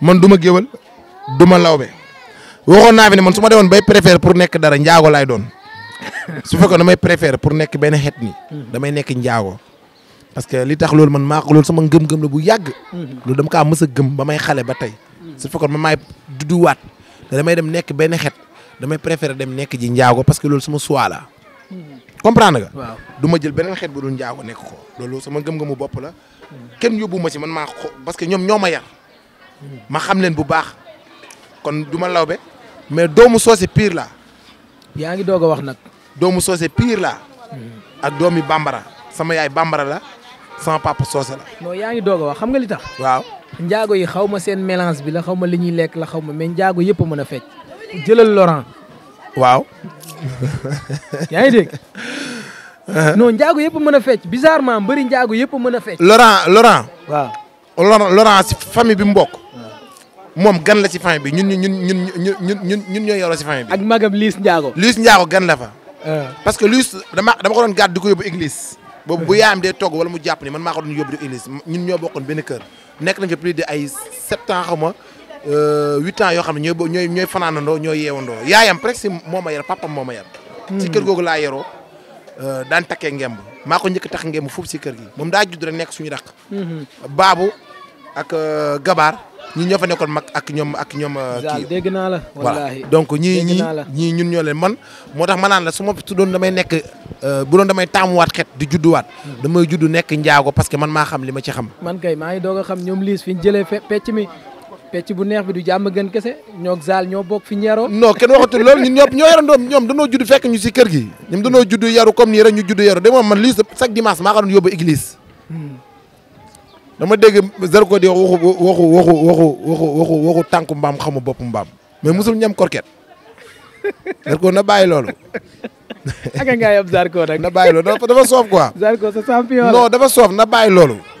man du ma géwal du ma lawbe waxoon naa fi ne man su ma demoon bay préfère pour nekk dara njaago laay doon su fekkoon damay préfère pour nekk benn xeet ni damay nekk njaago parce que li tax loolu man maa loolu sama ngëm-ngëm la bu yàgg. loolu dama kaa mës a gëm ba may xale ba tey. su fekkoon man maay duduwaat te damay dem nekk benn xeet damay préfère dem nekk ji njaago parce que loolu sama choix la comprendre nga. waaw du ma jël beneen xeet bu dul njaago nekk ko loolu sama ngëm-ngëmu bopp la. kenn yóbbu ma ci man maa ko parce que ñoom ñoo ma yar. ma xam leen bu baax kon du ma lawbe mais doomu soose piir la yaa ngi doog a wax nag. doomu soose pire laa. ak doomi bambara sama yaay bambara la sama papa soose la. non yaa ngi doog a wax xam nga li tax. waaw njaago yi xaw ma seen mélange bi la xaw ma li ñuy lekk la xaw ma mais njaago yëpp mën a fecc jëlal loran waaw. yaa ngi dégg. Uh-huh. non njaago yëpp mën a fecc bizarrement mbëri njaago yëpp mën a fecc. Laurent Laurent. waaw si famille bi mu moom gan la ci fin bi ñun ñun ñun ñun ñun ñun ñoo yoroo ci fin bi. ak magam Liis Ndiago. Liis Ndiago gan la fa. Ah. parce que Liis dama dama ko doon gàddu ko yóbbu église. boobu bu ah. yaayam dee togg wala mu jàpp ni man maa ko doon yóbbu ñoo bokkoon benn kër. nekk nañ fa plus de ay sept euh, yoo xam ne ñooy ñooy ñooy fanaanandoo ñooy yeewandoo yaayam presque moo ma yar papam moo ma yar. ci hmm. kër googu laa yoroo euh, daan takkee ngemb maa ko njëkk tax ngemb foofu si kër gi moom daa judd rek nekk suñu dàq. Hmm. baabu ak euh, gabaar ñi ñoo fa nekkoon mag ak ñoom ak ñoom uh, kii naa la wallaahi donc ñii ñii ñii ñun ñoo leen man moo tax ma naan la su ma doon damay nekk uh, bu doon damay taamuwaat xet di judduwaat hmm. damay juddu nekk njaago parce que man maa xam li ma ci xam man kay maa ngi doog a xam ñoom liis fi ñu jëlee pecc mi pecc bu neex bi du jàmm gën kese ñoo zaal ñoo bokk fi ñeeroo non kenn waxatul ñoo ñoo yarandoom ñoom danoo judd fekk ñu si kër gi ñoom danoo judd yaru comme nii rek ñu judd yaru de moom man lii chaque dimanche maa ko doon yóbbu dama dégg Zarko di waxu waxu waxu waxu waxu waxu waxu tànku mbaam xamu bopp mbaam mais ah. musul ñam korket Zarko na bàyyi loolu. ak nga yab Zarko nag. na bàyyi loolu dafa soof quoi. Zarko sa dafa soof na bàyyi loolu.